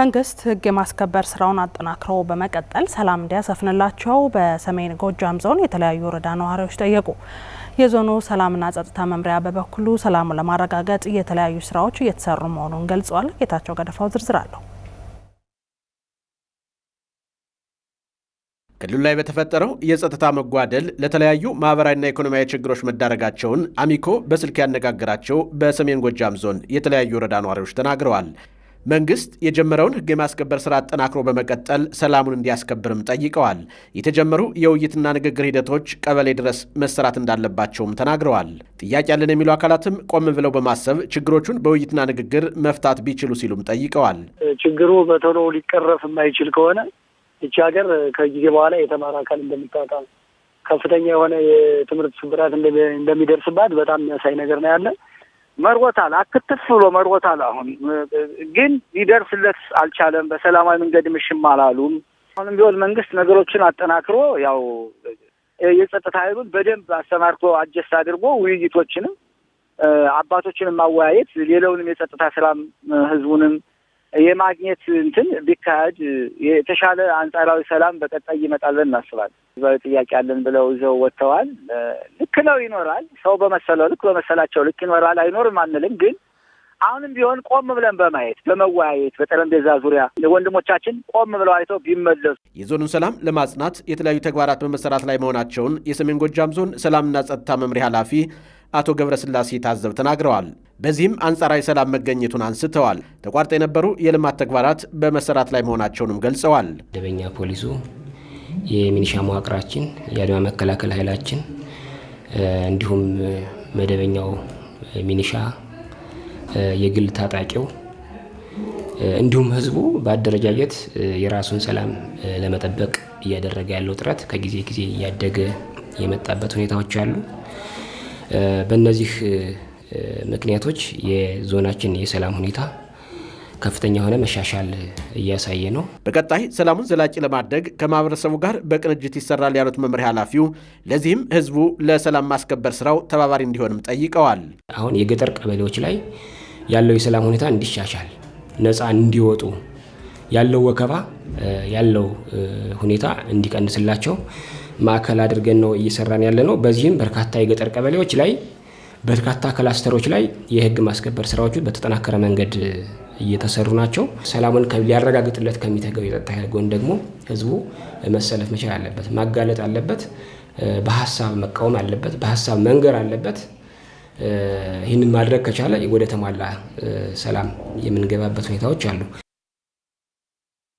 መንግስት ህግ የማስከበር ስራውን አጠናክሮ በመቀጠል ሰላም እንዲያሰፍንላቸው በሰሜን ጎጃም ዞን የተለያዩ ወረዳ ነዋሪዎች ጠየቁ። የዞኑ ሰላምና ጸጥታ መምሪያ በበኩሉ ሰላሙን ለማረጋገጥ የተለያዩ ስራዎች እየተሰሩ መሆኑን ገልጿል። ጌታቸው ገደፋው ዝርዝር አለው። ክልሉ ላይ በተፈጠረው የጸጥታ መጓደል ለተለያዩ ማህበራዊና ኢኮኖሚያዊ ችግሮች መዳረጋቸውን አሚኮ በስልክ ያነጋገራቸው በሰሜን ጎጃም ዞን የተለያዩ ወረዳ ነዋሪዎች ተናግረዋል። መንግስት የጀመረውን ህግ የማስከበር ስራ አጠናክሮ በመቀጠል ሰላሙን እንዲያስከብርም ጠይቀዋል። የተጀመሩ የውይይትና ንግግር ሂደቶች ቀበሌ ድረስ መሰራት እንዳለባቸውም ተናግረዋል። ጥያቄ ያለን የሚሉ አካላትም ቆም ብለው በማሰብ ችግሮቹን በውይይትና ንግግር መፍታት ቢችሉ ሲሉም ጠይቀዋል። ችግሩ በቶሎ ሊቀረፍ የማይችል ከሆነ ይቺ ሀገር ከጊዜ በኋላ የተማረ አካል እንደምታጣ ከፍተኛ የሆነ የትምህርት ስብራት እንደሚደርስባት በጣም የሚያሳይ ነገር ነው ያለ መርወታል፣ አክትፍ ብሎ መርወታል። አሁን ግን ሊደርስለት አልቻለም። በሰላማዊ መንገድ ምሽም አላሉም። አሁንም ቢሆን መንግስት ነገሮችን አጠናክሮ ያው የጸጥታ ኃይሉን በደንብ አሰማርቶ አጀስት አድርጎ ውይይቶችንም አባቶችንም ማወያየት ሌላውንም የጸጥታ ስራም ህዝቡንም የማግኘት እንትን ቢካሄድ የተሻለ አንጻራዊ ሰላም በቀጣይ ይመጣል ብለን እናስባለን። ህዝባዊ ጥያቄ አለን ብለው ይዘው ወጥተዋል። ልክ ነው ይኖራል። ሰው በመሰለው ልክ በመሰላቸው ልክ ይኖራል። አይኖርም አንልም ግን አሁንም ቢሆን ቆም ብለን በማየት በመወያየት በጠረጴዛ ዙሪያ ወንድሞቻችን ቆም ብለው አይተው ቢመለሱ። የዞኑን ሰላም ለማጽናት የተለያዩ ተግባራት በመሰራት ላይ መሆናቸውን የሰሜን ጎጃም ዞን ሰላምና ጸጥታ መምሪያ ኃላፊ አቶ ገብረስላሴ ታዘብ ተናግረዋል። በዚህም አንጻራዊ ሰላም መገኘቱን አንስተዋል። ተቋርጠው የነበሩ የልማት ተግባራት በመሰራት ላይ መሆናቸውንም ገልጸዋል። መደበኛ ፖሊሱ፣ የሚኒሻ መዋቅራችን፣ የአድማ መከላከል ኃይላችን እንዲሁም መደበኛው ሚኒሻ፣ የግል ታጣቂው እንዲሁም ህዝቡ በአደረጃጀት የራሱን ሰላም ለመጠበቅ እያደረገ ያለው ጥረት ከጊዜ ጊዜ እያደገ የመጣበት ሁኔታዎች አሉ። በእነዚህ ምክንያቶች የዞናችን የሰላም ሁኔታ ከፍተኛ የሆነ መሻሻል እያሳየ ነው። በቀጣይ ሰላሙን ዘላቂ ለማድረግ ከማህበረሰቡ ጋር በቅንጅት ይሰራል ያሉት መምሪያ ኃላፊው፣ ለዚህም ህዝቡ ለሰላም ማስከበር ስራው ተባባሪ እንዲሆንም ጠይቀዋል። አሁን የገጠር ቀበሌዎች ላይ ያለው የሰላም ሁኔታ እንዲሻሻል፣ ነፃ እንዲወጡ፣ ያለው ወከባ ያለው ሁኔታ እንዲቀንስላቸው ማዕከል አድርገን ነው እየሰራን ያለ ነው። በዚህም በርካታ የገጠር ቀበሌዎች ላይ በርካታ ክላስተሮች ላይ የህግ ማስከበር ስራዎቹ በተጠናከረ መንገድ እየተሰሩ ናቸው። ሰላሙን ሊያረጋግጥለት ከሚተገው የጸጥታ ጎን ደግሞ ህዝቡ መሰለፍ መቻል አለበት፣ ማጋለጥ አለበት፣ በሀሳብ መቃወም አለበት፣ በሀሳብ መንገር አለበት። ይህንን ማድረግ ከቻለ ወደ ተሟላ ሰላም የምንገባበት ሁኔታዎች አሉ።